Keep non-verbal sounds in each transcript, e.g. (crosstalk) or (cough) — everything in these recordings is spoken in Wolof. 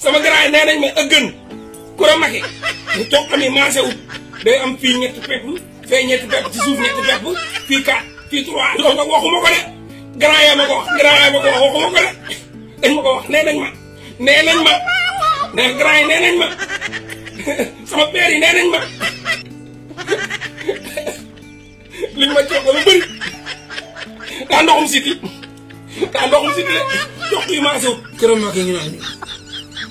sama grand nenañ ma eugën ku ra maxé ñu toqam yi maase wut day am fi ñetti pepp fee ñetti pepp ci suuf ñetti pepp fi ka fi trois do nga waxuma ko de grand yi ma ko wax grand yi ma ko wax waxuma ko de dañ ma ko wax nenañ ma nenañ ma nee grand nenañ ma sama (laughs) père yi nee nañ ma liñ ma coow lu bari da ndoxum ci ti da ndoxum siti de jox marché maase kërëm ma maa ngi naan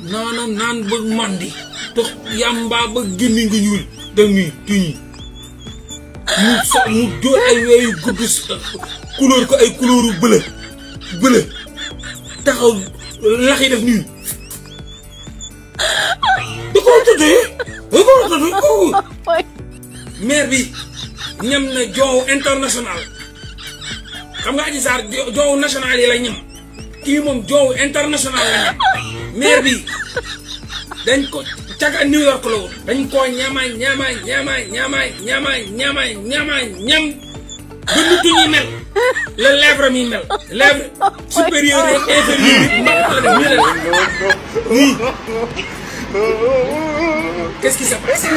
naana naan ba màndi tox yàmbaa ba génne nga ñuul dañuy tuñi mu sa mu dóor ay weeyu gudd euh, couleur ko ay couleuru bële bële taxaw lax def nii da ko tëddee da ko tëddee bi ñam na joow international xam nga Adji Sarr joow national yi la ñam kii moom joow international la bi dañ ko caga new york lo dañ ko ñama ñama ñama ñama ñama ñama ñama ñam bu nit ñi mel le lèvre mi mel lèvre supérieur et inférieur ni qu'est-ce qui se passe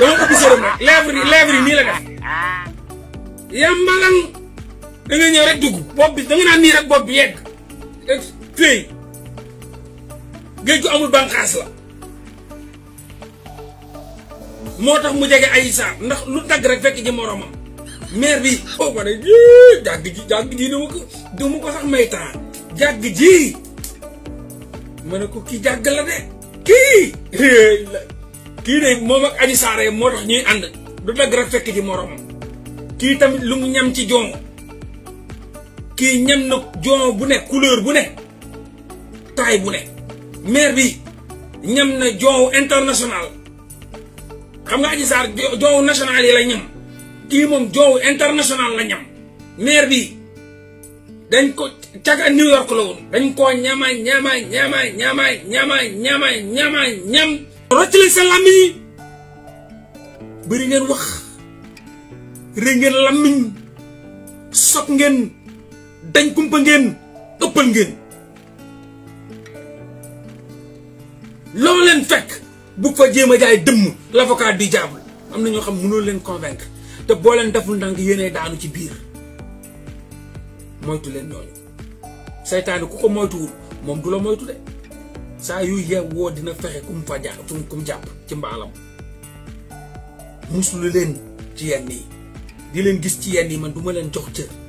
dama ko gisee rek lèvre lèvre ni la def yambalan da nga ñëw rek dugg bob bi da nga na ni rek bob bi yegg fey Gaju gu amul bankas la motax mu jégué ay sa ndax lu dagg rek fekk ji moroma maire bi ko oh, ne jàgg ji jàgg ji dama ko dama ko sax may temps ji ma ne ko kii jàgg la de ki ki de mom ak ali saare motax ñuy ànd lu rek fekk ji moroma ki tamit lu mu ñam ci jom ki ñam na jom bu ne couleur bu ne taille bu ne maire bi ñam na joow international xam nga Adji Sarr joow national yi la ñam kii moom joow international la ñam maire bi dañ ko caga New York la woon dañ koo ñama ñama ñama ñama ñama ñam rocc leen sa làmmiñ yi bëri ngeen wax rëy ngeen dañ kumpa ngeen ëppal ngeen loo leen fekk bu fa jéem a jaay dëmm l'avocat du diable am na ñoo xam mënoo leen convaincre te boo leen deful ndànk yéenay daanu ci biir moytu leen ñooñu seytaane ku ko moytuwul moom du la moytu de saa yu yeewoo dina fexe kum fa jàpp kum jàpp ci mbaalam muslu leen ci yenn yi di leen gis ci yenn yi man du leen jox cër